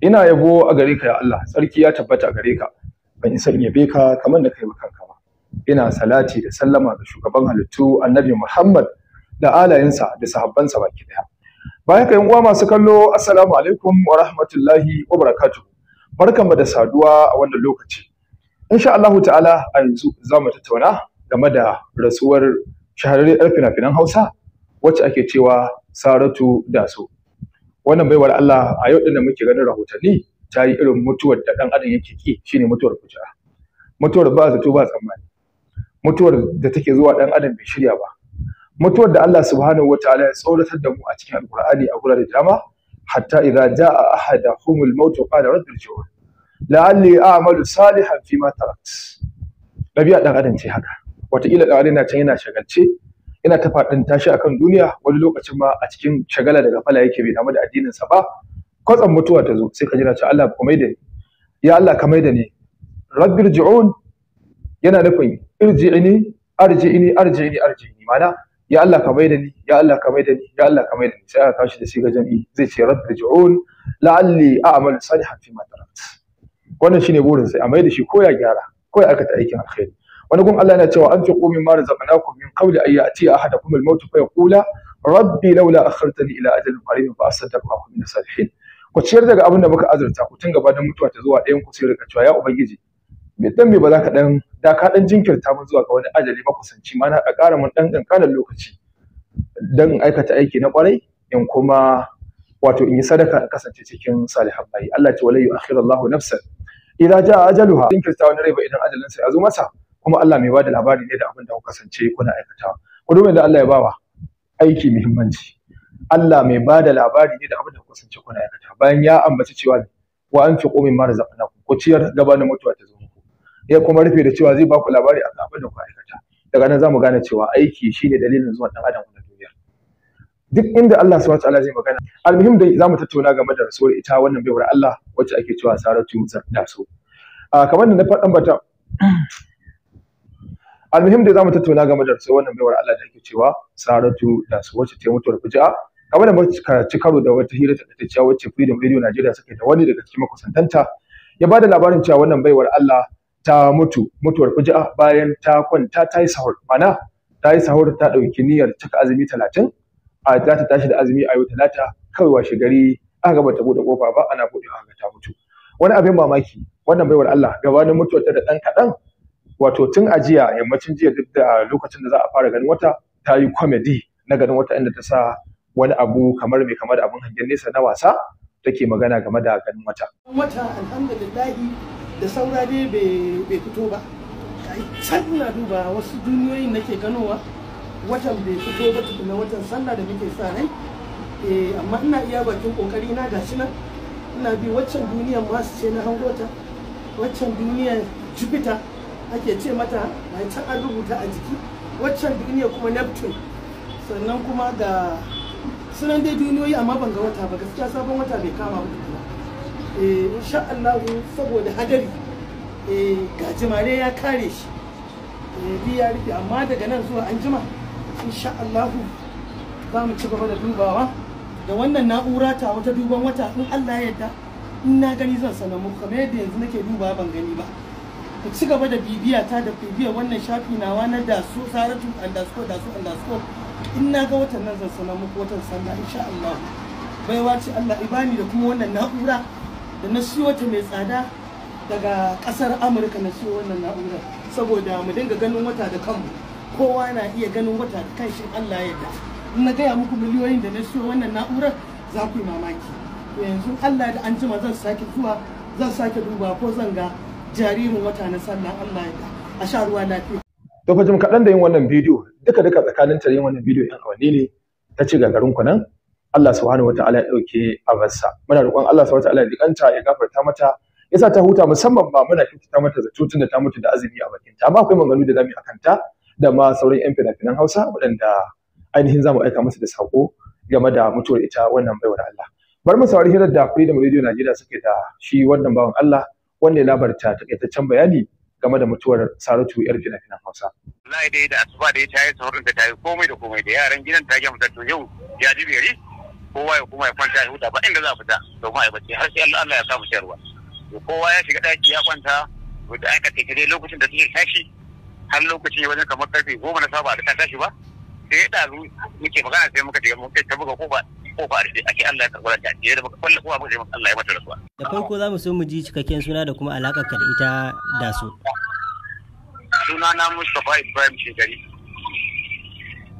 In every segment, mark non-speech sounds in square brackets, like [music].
ina yabo a gare ka ya Allah tsarki ya tabbata a gare ka ban yi san yabe ka kamar da kai ba kanka ba ina salati da sallama ga shugaban halittu annabi Muhammad da alayensa da sahabbansa baki daya bayan ka uwa masu kallo assalamu alaikum wa rahmatullahi wa barakatuh barkanmu da saduwa a wannan lokaci insha Allah ta'ala a yanzu za mu tattauna game da rasuwar shahararren yar fina-finan Hausa wacce ake cewa Saratu Daso wannan baiwar Allah a yau din da muke ganin rahotanni ta yi irin mutuwar da dan adam yake ki shine mutuwar kujera mutuwar ba zato ba tsammani mutuwar da take zuwa dan adam bai shirya ba mutuwar da Allah subhanahu wataala ya tsoratar da mu a cikin alqur'ani a gurare dama hatta idza jaa ahadahumul maut qala rabbi irji'un la'alli a'malu salihan fima tarakt nabi dan adam ce haka wataƙila dan adam can yana shagalce yana ta faɗin tashi akan duniya wani lokacin ma a cikin shagala daga fala yake bai damu da addinin sa ba kwatsam mutuwa ta zo sai ka jira ce Allah ka maida ni ya Allah ka maida ni rabbirji'un yana nufin irji'ini arji'ini arji'ini arji'ini mana ya Allah ka maida ni ya Allah ka maida ni ya Allah ka maida ni sai aka tashi da shi ga jami'i zai ce rabbirji'un la'alli a'mal salihan fi ma tarat wannan shine burin sai a maida shi ko ya gyara ko ya aikata aikin alkhairi wani gun Allah yana cewa an anfiqu mimma razaqnakum min qawli an a ahadakum al-maut fa kula. rabbi laula akhartani ila ajalin qarib fa asaddaqu min salihin ku ciyar daga abin da muka azurta ku tun gaba da mutuwa ta zuwa ɗayan ku sai rika cewa ya ubangiji me dan me ba za ka dan da ka dan jinkirta mun zuwa ga wani ajali makusanci ma a ƙara mun dan kankanin lokaci dan in aikata aiki na kwarai in kuma wato in yi sadaka a kasance cikin salihan bayi Allah ce wala yu'akhiru Allahu nafsan idza jaa ajaluha jinkirta wani rai ba idan ajalin sai ya zo masa kuma Allah mai bada labari ne da abin da kuka kasance kuna aikatawa ku duba da Allah ya bawa aiki muhimmanci Allah mai bada labari ne da abin da kuka kasance kuna aikatawa bayan ya ambaci cewa wa anfiqu mimma razaqnakum ku ciyar gabanin mutuwa ta zo muku ya kuma rufe da cewa zai ba ku labari akan abin da kuka aikata daga nan zamu gane cewa aiki shine dalilin zuwan dan adam na duniya duk inda Allah subhanahu wataala zai magana almuhim dai zamu tattauna game da rasuwar ita wannan baiwar Allah wacce ake cewa Saratu Sardaso a ah, kamar da na faɗan bata almuhim da zamu tattauna game da sai wannan baiwar Allah da yake cewa Saratu da su wacce ta mutuwar fuji'a kamar da muka ci karo da wata hira ta tattaciya wacce Freedom Radio Najeriya suka da wani daga cikin makusantanta ya bada labarin cewa wannan baiwar Allah ta mutu mutuwar fuji'a bayan ta kwanta ta yi sahur mana ta yi sahur ta ɗauki niyyar cika azumi talatin a za ta tashi da azumi a yau talata kawai washe gari aka gaba ta buɗe kofa ba ana buɗe aka ta mutu wani abin mamaki wannan baiwar Allah gabanin mutuwar ta da ɗan kaɗan wato tun a jiya yammacin jiya duk da lokacin da za a fara ganin wata ta yi comedy na ganin wata inda ta sa wani abu kamar mai kamar da abin hangen nesa na wasa take magana game da ganin wata. Wata alhamdulillahi da saura dai bai fito ba. Can ina duba wasu duniyoyin nake ganowa watan bai fito ba tukuna watan sallah da muke sa rai. Eh, amma ina iya bakin kokari na gashi nan ina bi waccan duniyar masu ce na hangota waccan duniyar Jupiter ake ce mata mai can an rubuta a jiki waccan duniya kuma neptune sannan kuma ga sunan dai duniyoyi amma ban ga wata ba gaskiya sabon wata bai kama ba eh insha Allah saboda hadari eh gajimare ya kare shi eh ya rufe amma daga nan zuwa anjima insha Allah ba mu ci gaba da dubawa da wannan na'ura ta wata duban wata in Allah ya yarda in na gani zan sanar muku kamar yadda yanzu nake dubawa ban gani ba ku ci gaba da bibiya ta da bibiya wannan shafi nawa na da su saratu andasko da su andasko in na ga watan nan zan sanar muku watan sallah insha Allah baiwa ce Allah ibani da kuma wannan na'ura da na siyo ta mai tsada daga kasar Amurka na siyo wannan na'ura saboda mu dinga ganin wata da kanmu kowa na iya ganin wata da kan shi Allah ya da in na gaya muku miliyoyin da na siyo wannan na'urar za ku mamaki to yanzu Allah da an jima zan sake zuwa zan sake duba ko zan ga jaririn wata na sallah Allah ya a sha ruwa lafiya to fa jim kaɗan da yin wannan bidiyo duka duka tsakanin ta yin wannan bidiyo ɗin awanni ne ta ce gagarin ku nan Allah subhanahu wataala ya dauke abarsa muna roƙon Allah subhanahu wataala ya dikanta ya gafarta mata yasa ta huta musamman ba muna kyautata mata zato tun da ta mutu da azumi a bakin ta amma akwai maganganu da zamu yi akan ta da ma sauran yan fina-finan Hausa waɗanda ainihin zamu aika masa da sako game da mutuwar ita wannan baiwar Allah bar mu saurari hirar da Freedom Radio Najeriya suke da shi wannan bawan Allah Wannan labar ta takaitaccen bayani game da mutuwar Saratu yar fina-finan Hausa. lai dai da asuba da ya tayi saurin da ta yi komai da komai da yaran gidan ta gama to yau ya ji beri kowa ya kuma ya kwanta ya huta ba inda za a fita to ma aibace har sai Allah ya samu sayarwa. Kowa ya shiga daki ya kwanta da aka kai dai lokacin da suke tashi har lokacin wajen kamar karfe goma na saba da ta tashi ba sai ya ɗazu muke magana sai muka je muka ta buga ba. kofa da ake Allah ya karɓar jiya da baka kwalla kowa baka Allah ya mata rasuwa da farko za mu so mu ji cikakken suna da kuma alakar ka da ita da su suna na Mustapha Ibrahim Shigari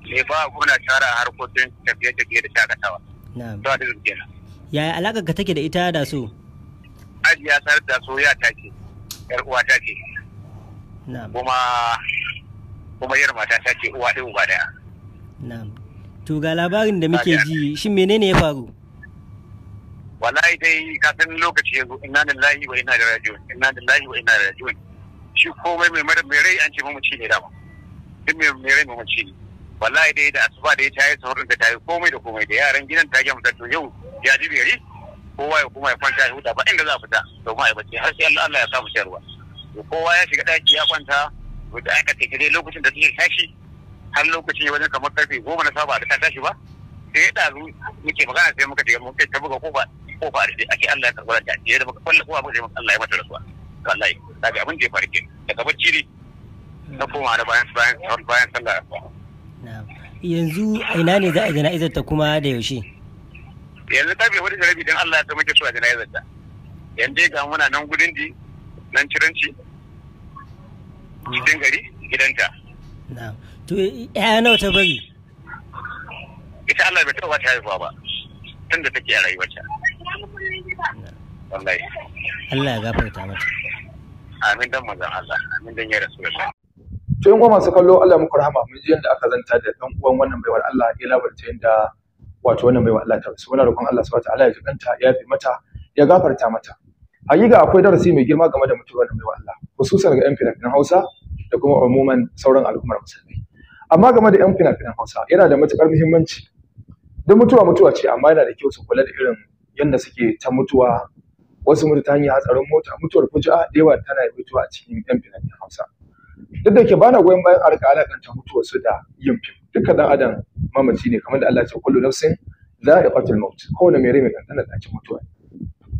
Me ba gona tara harkokin tafiye-tafiye da shakatawa na'am da duk yaya alakar ka take da ita da su ajiya sar da su ya take yar uwa ta ce kuma kuma yar mata ta ce uwa ɗin uba daya to ga labarin da muke ji shin menene ya faru wallahi dai kafin lokaci yanzu inna lillahi wa inna ilaihi raji'un inna lillahi wa inna ilaihi raji'un shi komai mai mara mai rai an ce mamaci ne dama duk mai mai rai mamaci ne wallahi dai da asuba da ya tayi saurin da tayi komai da komai da yaran gidan ta gama to yau ya ji bere kowa ya kuma ya kwanta ya huta ba inda za a fita domin a yi bacci har sai Allah Allah ya samu sharwa kowa ya shiga daki ya kwanta to da aka kai dai lokacin da take tashi har lokaci wajen kamar karfe goma na saba da ta tashi ba sai ya ɗazu muke magana sai muka tafi muke tafi ta buga kofa kofa da ake Allah ya karɓi da ta da muka kwallo kofa muka je Allah ya mata rasuwa ya ga abin da ya faru ke daga bacci ne na koma da bayan bayan bayan sallah yanzu ina ne za a jana'izar ta kuma da yaushe yanzu ta bai wani jarabi don Allah ta muke suwa jana'izar ta yanzu ga muna nan gudun di nan ciranci cikin gari gidanta to ya nawa ta bari ita Allah bai taɓa ta haihuwa ba tun da take a rayuwarta wallahi Allah ya gafarta mata amin dan mazan Allah amin dan ya rasulullah to yan masu kallo Allah muku rahama mun ji yadda aka zanta da dan uwan wannan baiwar Allah ya labarta yadda wato wannan baiwar Allah ta rasu muna roƙon Allah subhanahu wa ta'ala ya ji kanta ya fi mata ya gafarta mata hakika akwai darasi mai girma game da mutuwar wannan baiwar Allah hususan ga yan fina Hausa da kuma umuman sauran al'ummar musulmi amma game da yan fina-finan hausa yana da matukar muhimmanci duk mutuwa mutuwa ce amma yana da kyau su kula da irin yadda suke ta mutuwa wasu mutu ta hanyar hatsarin mota mutuwar a da yawa tana mutuwa a cikin yan fina-finan hausa duk da ke bana na goyon bayan arka alakanta mutuwar su da yin fim dukkan dan adam mamaci ne kamar da Allah Za ce kullu nafsin za'iqatul maut kowane mai rai mai kankana da ci mutuwa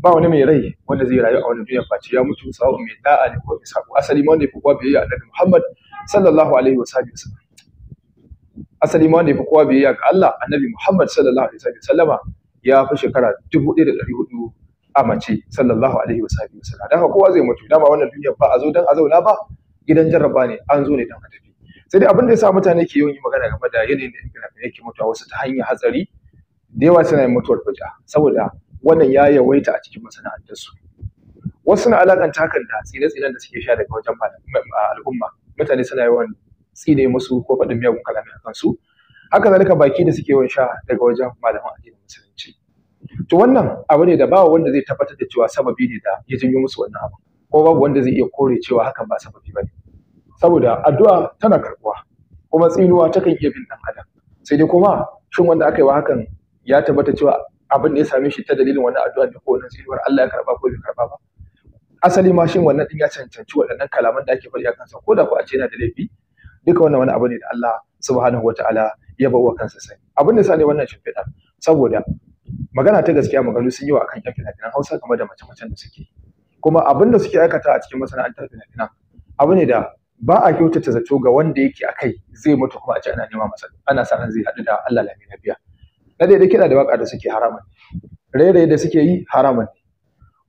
ba wani mai rai wanda zai rayu a wani duniya face ya mutu sawun mai da'a ne ko bisa asali ma wanda ya fi biyayya annabi Muhammad sallallahu alaihi wa sallam asali ma wanda ya kowa biyayya ga Allah annabi Muhammad sallallahu alaihi wasallama ya fi shekara 1400 a mace sallallahu alaihi wasallam dan haka kowa zai mutu dama wannan duniya ba a zo dan a zauna ba gidan jarraba ne an zo ne dan a tafi sai dai abin da yasa mutane ke yawan yi magana game da yanayin da inda yake mutuwa wasu ta hanyar hatsari da yawa suna yin mutuwar fita saboda wannan ya yawaita a cikin masana'antarsu wasu na alakanta hakan da tsire-tsiren da suke sha daga wajen al'umma mutane suna yawan tsine musu ko faɗin miyagun kalamai a kansu haka zalika baki da suke yawan sha daga wajen malaman addinin musulunci to wannan abu ne da ba wanda zai tabbatar da cewa sababi ne da ya janyo musu wannan abu ko babu wanda zai iya kore cewa hakan ba sababi ne. saboda addu'a tana karbuwa kuma tsinuwa takan iya bin dan adam sai dai kuma shin wanda aka yi wa hakan ya tabbata cewa abin da ya same shi ta dalilin wannan addu'a ne ko wannan tsinuwar Allah ya karba ko bai karba ba asali ma shin wannan din ya cancanci waɗannan kalaman da ake faɗi a kansa ko da ko a ce yana da laifi duka wannan wani abu ne da Allah subhanahu ta'ala ya bawa kansa sai. abin da ne wannan shimfiɗa saboda magana ta gaskiya maganu sun yi wa kan yan fina Hausa game da mace-macen da suke kuma abin da suke aikata a cikin masana'antar fina-finan abu ne da ba a kyautata zato ga wanda yake a kai zai mutu kuma a ce ana nema masa ana sa ran zai haɗu da Allah lami na biya na daidai kiɗa da waƙa da suke haramun raye da suke yi haramun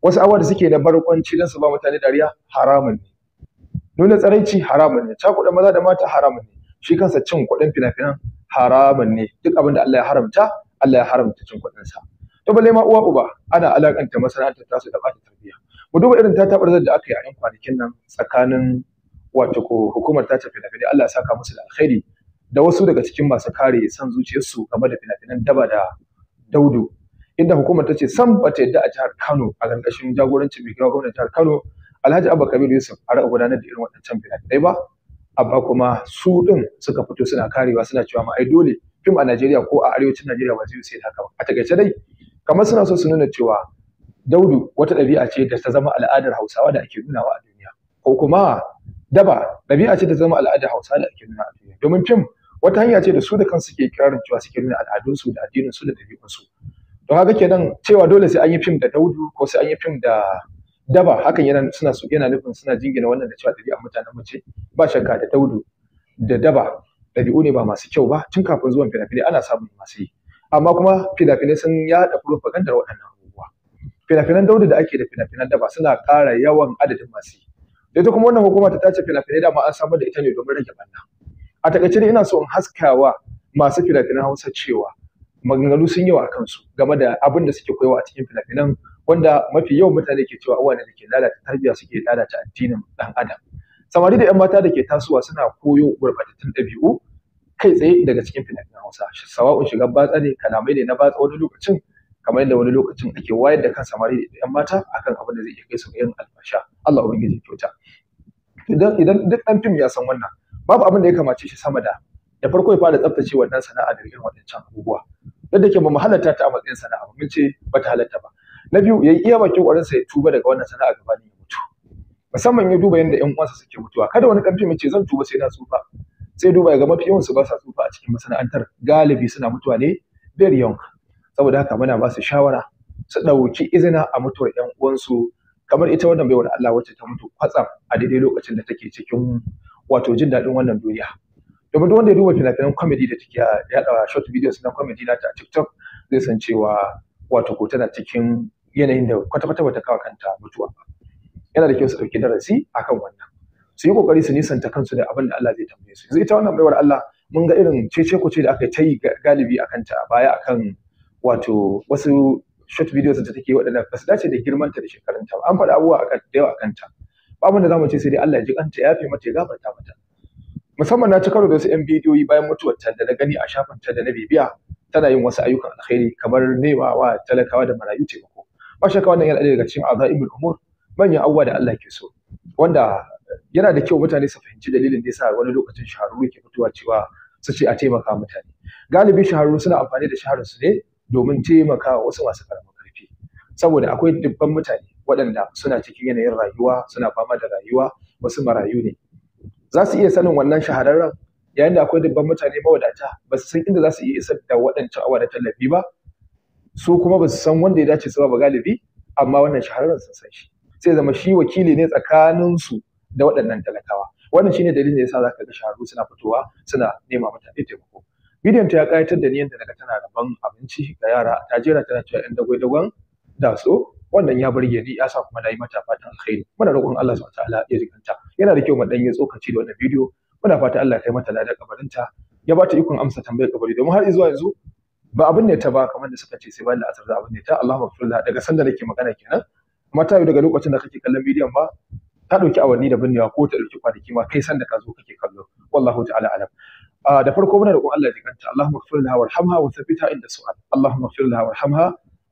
wasu awa da suke na barkwanci don su ba mutane dariya haramun ne nuna tsaraici haramun ne cakuɗa maza da mata haramun ne shi kansa cin kuɗin fina-finan haramun ne duk abin da Allah ya haramta Allah ya haramta cin kuɗin sa to balle ma uwa uba ana alakanta masana'antar tasu da bata tarbiyya mu duba irin tatabarzar da aka yi a yan kwanakin nan tsakanin wato ko hukumar ta tafi da Allah ya saka musu da alkhairi da wasu daga cikin masu kare san zuciyarsu game da fina-finan daba da daudu inda hukumar ta ce san bata yadda a jihar Kano a ƙarƙashin jagorancin mai gwamnatin jihar Kano Alhaji Abba Kabir Yusuf a raka gudanar da irin waɗancan fina ba amma kuma su ɗin suka fito suna karewa suna cewa ma ai dole fim a Najeriya ko a arewacin Najeriya ba zai sai da haka ba a takaice dai kamar suna so su nuna cewa daudu wata ɗabi'a ce da ta zama al'adar Hausawa da ake nunawa a duniya ko kuma daba ɗabi'a ce ta zama al'adar Hausawa da ake nuna a duniya domin fim wata hanya ce da su da kansu ke kirarin cewa suke nuna al'adunsu da addininsu da ɗabi'unsu to haka kenan cewa dole sai an yi fim da daudu ko sai an yi fim da daba hakan yana suna yana nufin suna jingina wannan da cewa ɗabi'ar mutanen mace ba shakka da daudu da daba ɗabi'u ne ba masu kyau ba tun kafin zuwan fina-finai ana samun masu yi amma kuma finafinai finai sun yaɗa propagandar waɗannan abubuwa fina-finan daudu da ake da fina daba suna ƙara yawan adadin masu yi da ita kuma wannan hukuma ta tace fina dama an samar da ita ne domin rage banna a takaice ina so in haskawa masu finafinan hausa cewa maganganu sun yi wa kansu game da abin da suke koyawa a cikin finafinan. wanda mafi yawan mutane ke cewa uwa ne da ke lalata tarbiyya suke lalata addinin ɗan adam samari da 'yan mata da ke tasowa suna koyo gurɓatattun ɗabi'u kai tsaye daga cikin fina'in hausa sawa'un shiga batsa ne kalamai ne na batsa wani lokacin kamar yadda wani lokacin ake wayar da kan samari da 'yan mata akan abin da zai iya kai su yin albasha Allah ubangiji kyauta idan idan duk ɗan fim ya san wannan babu abin da ya kamace shi sama da da farko ya fara tsaftace wannan sana'a da irin waɗancan abubuwa yadda ke ba mu halatta ta a matsayin sana'a ba mun ce ba ta halatta ba na biyu yayi iya bakin ƙoƙarin sa ya tuba daga wannan sana'a gaba ya mutu musamman ya duba yanda ƴan uwansa suke mutuwa kada wani karfi mai ce zan tuba sai na tsufa sai duba ga mafi yawan su ba sa tsufa a cikin masana'antar galibi suna mutuwa ne very young saboda haka muna ba su shawara su ɗauki izina a mutuwar ƴan uwansu kamar ita wannan baiwar Allah wacce ta mutu kwatsam a daidai lokacin da take cikin wato jin daɗin wannan duniya domin duk wanda ya duba fina-finan comedy da take yaɗa short videos na comedy na a TikTok zai san cewa wato ko tana cikin yanayin da kwata-kwata bata kawo kanta mutuwa ba yana da kyau su ɗauki darasi akan wannan su yi kokari su nisanta kansu da abin da Allah zai tambaye su yanzu ita wannan baiwar Allah mun ga irin cece kuce da aka ta yi galibi akan ta baya akan wato wasu short videos da take waɗanda ba su dace da girman ta da shekarun ta an faɗa abubuwa akan da yawa akan ta ba mun da zamu ce sai dai Allah ya ji kanta ya fi mata ya gafarta mata musamman na ci karo da wasu yan bidiyoyi bayan mutuwar ta da na gani a shafin ta da na bibiya tana yin wasu ayyukan alkhairi kamar nema wa talakawa da marayu taimako ba shakka wannan yana ɗaya daga cikin azaimul umur manyan abubuwa da Allah ke so wanda yana da kyau mutane su fahimci dalilin da yasa wani lokacin shahararru ke fitowa cewa su ce a taimaka mutane galibi shahararru suna amfani da shaharun su ne domin taimaka wa wasu masu karamin karfi saboda akwai dubban mutane waɗanda suna cikin yanayin rayuwa suna fama da rayuwa wasu marayu ne za su iya sanin wannan shahararren yayin da akwai dubban mutane mawadata ba su san inda za su iya isar da waɗancan awa da tallafi ba su kuma ba su san wanda ya dace su ba galibi amma wannan shahararren sun san shi sai zama shi wakili ne tsakanin su da waɗannan talakawa wannan shine dalilin da yasa zaka ga shahararru suna fitowa suna nema mutane taimako bidiyon ta ya kayatar da ni yadda daga tana rabon abinci ga yara ta jera tana cewa yan dagwai dagon da so wannan ya burge ni ya sa kuma na yi mata fatan alkhairi muna roƙon Allah subhanahu ta'ala ya jikanta yana da kyau mu dan yi tsokaci da wannan bidiyo muna fata Allah ya kai mata ladan kabarinta ya ba ta ikon amsa tambayar kabari domin har zuwa yanzu ba abin ne ta ba kamar da suka ce sai bayan la'asar da abin ne ta Allahumma ghfirullah daga sanda ke magana kenan kuma ta daga lokacin da kake kallon bidiyon ba ta ɗauki awanni da binnewa ko ta ɗauki kwanaki ma kai sanda ka zo kake kallo wallahu ta'ala alam ah, da farko muna roƙon Allah ya kanta Allahumma ghfirullah warhamha wa thabbita inda su'al Allahumma ghfirullah warhamha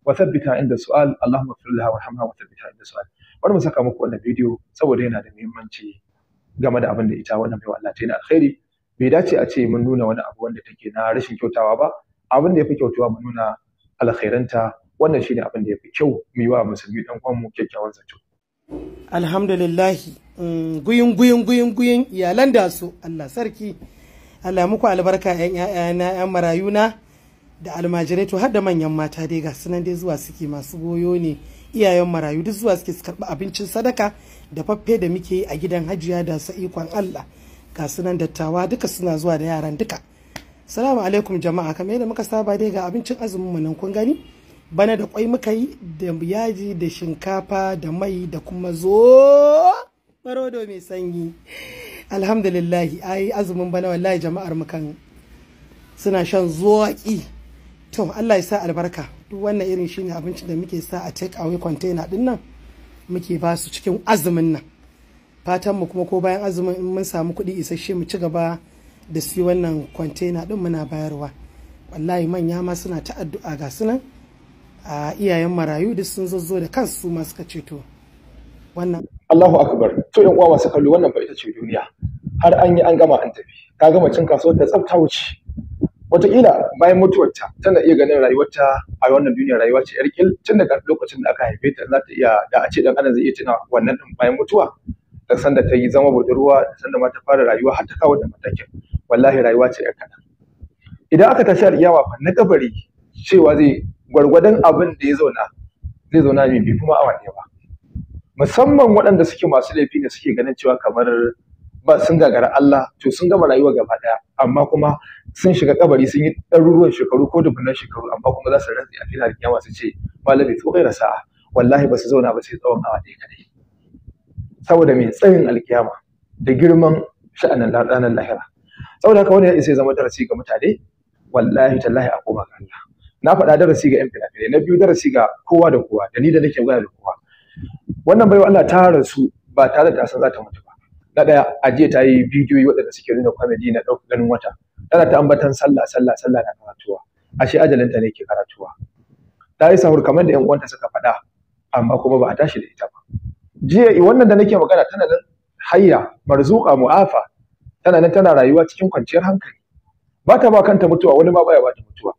wa thabbita inda su'al Allahumma ghfirullah warhamha wa thabbita inda su'al bari mu saka muku wannan bidiyo saboda yana da muhimmanci game da abin da ita wannan baiwa Allah ta yi alkhairi bai dace a ce mun nuna wani abu wanda take na rashin kyautawa ba abin da ya fi kyautuwa mu nuna alkhairanta wannan shine abin da ya fi kyau mu yi wa musulmi dan uwanmu kyakkyawan zato alhamdulillahi mm, guyin guyin guyin guyin iyalan da su Allah sarki Allah muku albarka yan ƴaƴana yan marayuna da almajirai to har da manyan mata dai ga sunan dai zuwa suke masu goyo ne iyayen marayu duk zuwa suke su karɓi abincin sadaka da faffe da muke yi a gidan hajiya da sa ikon Allah ga sunan dattawa duka suna zuwa da yaran duka salamu alaikum jama'a kamar yadda muka saba dai ga abincin azumin mu nan kun gani bana da kwai muka yi da yaji da shinkafa da mai da kuma zo barodo mai sanyi alhamdulillahi ai azumin bana wallahi jama'ar mu kan suna shan zoki to Allah ya sa albarka duk wannan irin shine abincin da muke sa a take away container din nan muke ba su cikin azumin nan fatan mu kuma ko bayan azumin in mun samu kuɗi isasshe mu ci gaba da su wannan kwantena din muna bayarwa wallahi manya ma suna ta addu'a ga nan, a iyayen marayu duk sun zozo da kansu su ma suka ceto wannan Allahu akbar to yan uwa masu kallo wannan ba ita ce duniya har an yi an gama an tafi ka gama cin kasuwar ta tsafta wuce wataƙila bayan mutuwarta tana iya ganin rayuwarta a wannan duniya rayuwa ce yar kil tun daga lokacin da aka haife ta za ta iya da a ce dan adam zai iya tuna wannan din bayan mutuwa da sanda ta yi zama budurwa da sanda ma ta fara rayuwa har ta kawo da matakin wallahi rayuwa ce ya kaɗan idan aka tashi al'iyawa fa na kabari cewa zai gwargwadon abin da ya zauna zai zauna mai bi kuma awa ɗaya ba musamman waɗanda suke masu laifi ne suke ganin cewa kamar ba sun gagara Allah to sun gama rayuwa gaba ɗaya amma kuma sun shiga kabari sun yi ɗaruruwan shekaru ko dubunan shekaru amma kuma za su rantsi a filin kiyama su ce malami to kai wallahi ba su zauna ba sai tsawon awa ɗaya kadai saboda mai tsayin alkiyama da girman sha'anin ranar lahira saboda haka ya sai zama darasi ga mutane wallahi tallahi a koma ga Allah na faɗa darasi ga yan fina-finai na biyu darasi ga kowa da kowa da ni da nake magana da kowa wannan baiwa Allah ta rasu ba tare da ta san za ta mutu ba na ɗaya ajiye ta yi bidiyoyi waɗanda suke nuna kwamedi na ɗaukar ganin wata tana ta ambatan sallah sallah sallah na karatuwa ashe ajalinta ne ke karatuwa ta yi sahur kamar da yan uwanta suka faɗa amma kuma ba a tashi da ita ba jiya wannan da nake magana tana nan hayya marzuqa mu'afa tana nan tana rayuwa cikin kwanciyar hankali ba ta ba kanta mutuwa wani ma baya ba ta mutuwa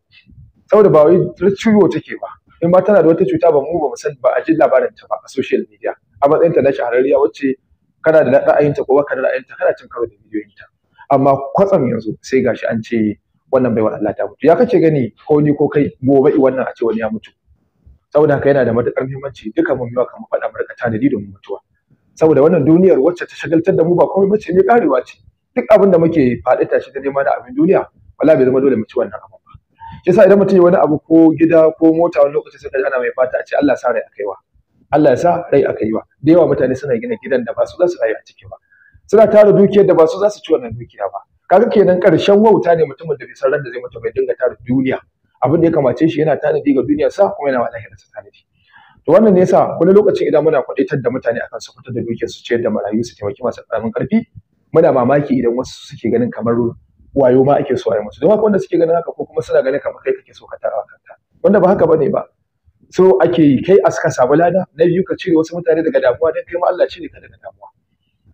saboda ba wai ciwo take ba in ba tana da wata cuta ba mu ba san ba a ji labarin ta ba a social media a matsayin ta na shahararriya wacce kana da ra'ayinta ko baka da ra'ayinta kana cin karo da ta? amma kwatsam yanzu sai gashi an ce wannan baiwar Allah ta mutu ya kace gani ko ni ko kai gobe wannan a ce wani ya mutu saboda haka yana da matukar muhimmanci duka mun miwa kamar faɗa mu rika tanadi domin mutuwa saboda wannan duniyar wacce ta shagaltar da mu ba komai bace ne karewa ce duk abin da muke faɗi tashi da nema na abin duniya wala bai zama dole mu ci wannan abin ba shi yasa idan mutum ya wani abu ko gida ko mota wani lokaci sai ana mai fata a ce Allah ya sa rai yi wa Allah ya sa rai yi wa da yawa mutane suna gina gidan da ba su za su rayu a ciki ba suna tara dukiyar da ba su za su ci wannan dukiya ba kaga kenan karshen wauta ne mutumin da bai san ran da zai mutu bai dinga tara duniya abin da ya kamace shi yana tanadi ga duniya sa kuma yana lahira sa tanadi to wannan ne yasa wani lokacin idan muna kwadaitar da mutane akan su fitar da dukiyar su ciyar da marayu su taimaki masu karamin karfi muna mamaki idan wasu suke ganin kamar wayo ma ake so a yi musu don haka wanda suke ganin haka ko kuma suna ganin kamar kai kake so ka tara kanka wanda ba haka bane ba so ake yi kai a suka samu lada na biyu ka cire wasu mutane daga damuwa dan kai ma Allah cire ka daga damuwa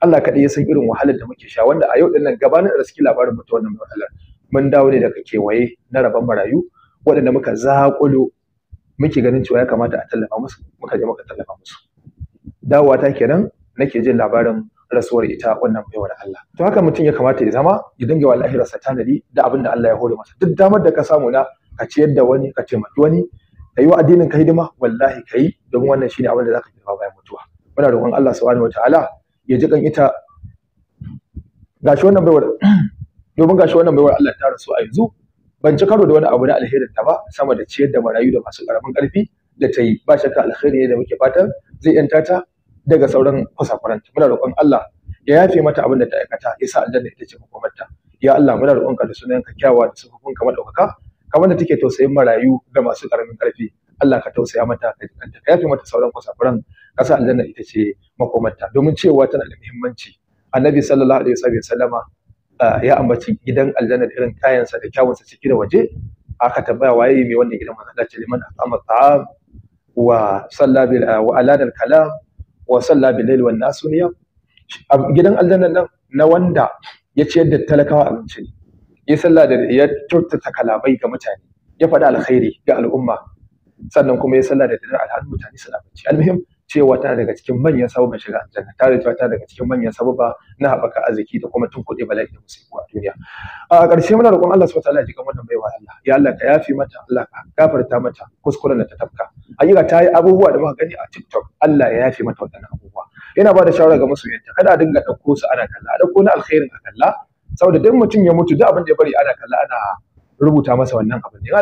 Allah kaɗai ya san irin wahalar da muke sha wanda a yau din nan gabanin da suke labarin mutu wannan matsalar mun dawo ne daga kewaye na rabon marayu waɗanda muka zaƙulo muke ganin cewa ya kamata a tallafa musu muka je muka tallafa musu dawowa ta kenan nake jin labarin rasuwar ita wannan baiwar Allah to haka mutum ya kamata ya zama ya dinga wa sa tanadi da abin da Allah ya hore masa duk damar da ka samu na ka ciyar da wani ka taimaki wani ka yi wa addinin ka hidima wallahi ka yi domin wannan shine abin da zaka girma bayan mutuwa muna roƙon Allah subhanahu wataala ya ji kan ita gashi wannan baiwar [clears throat] domin gashi wannan baiwar Allah ta rasu a yanzu ban ci karo da wani abu na alherin ta ba sama da ciyar da marayu da masu karamin karfi da ta yi ba shakka alheri ne da muke fatan zai yanta ta daga sauran kusakuranta muna roƙon Allah ya yafe mata abin da ta aikata ya sa aljanna ita ce makomarta ya Allah muna ka da ka kyawa da ka madaukaka kamar da take tausayin marayu ga masu karamin karfi Allah ka tausaya mata ka Ya ka yafe mata sauran kusakuran ka sa aljanna ita ce makomarta domin cewa tana da muhimmanci annabi sallallahu alaihi wasallam ya ambaci gidan aljanna da irin kayansa da kyawunsa ciki da waje aka tambaya waye mai wannan gidan manzo Allah ce liman aqama ta'am wa sallabil wa aladal kalam wa salla bil layli wan niyam gidan aljanna nan na wanda ya ciyar da talakawa abinci ne ya salla da ya kyautata kalamai ga mutane ya faɗi alkhairi ga al'umma sannan kuma ya salla da dare alhalin mutane suna bacci almuhim cewa tana daga cikin manyan sababan shiga aljanna tare da cewa tana daga cikin manyan sababa na haɓaka arziki da kuma tunkuɗe bala'i da musu a duniya a ƙarshe muna roƙon Allah subhanahu wataala ya jika wannan baiwa Allah ya Allah ka yafi mata Allah ka gafarta mata kuskuren da ta tafka hakika ta yi abubuwa da muka gani a TikTok Allah ya yafi mata wannan abubuwa yana ba da shawara ga masoyanta kada a dinga ɗauko su ana kalla a ɗauko na alkhairin a kalla saboda duk mutum ya mutu duk abin da ya bari ana kalla ana rubuta masa wannan abin